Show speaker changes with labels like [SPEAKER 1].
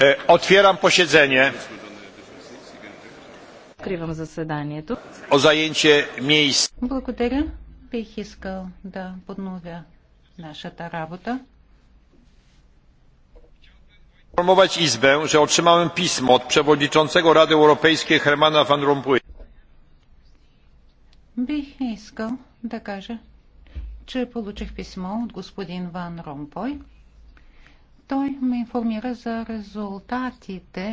[SPEAKER 1] E, otwieram posiedzenie
[SPEAKER 2] Откривам заседанието.
[SPEAKER 1] О заенче мейс.
[SPEAKER 2] Благодаря. Бих искал да подновя нашата работа.
[SPEAKER 3] Informować Izbę, że otrzymałem pismo od przewodniczącego Rady Europejskiej Hermana Van Rompuy.
[SPEAKER 2] Бих искал да кажа, че получих писмо от господин Ван Ромпой, той
[SPEAKER 4] ме информира за резултатите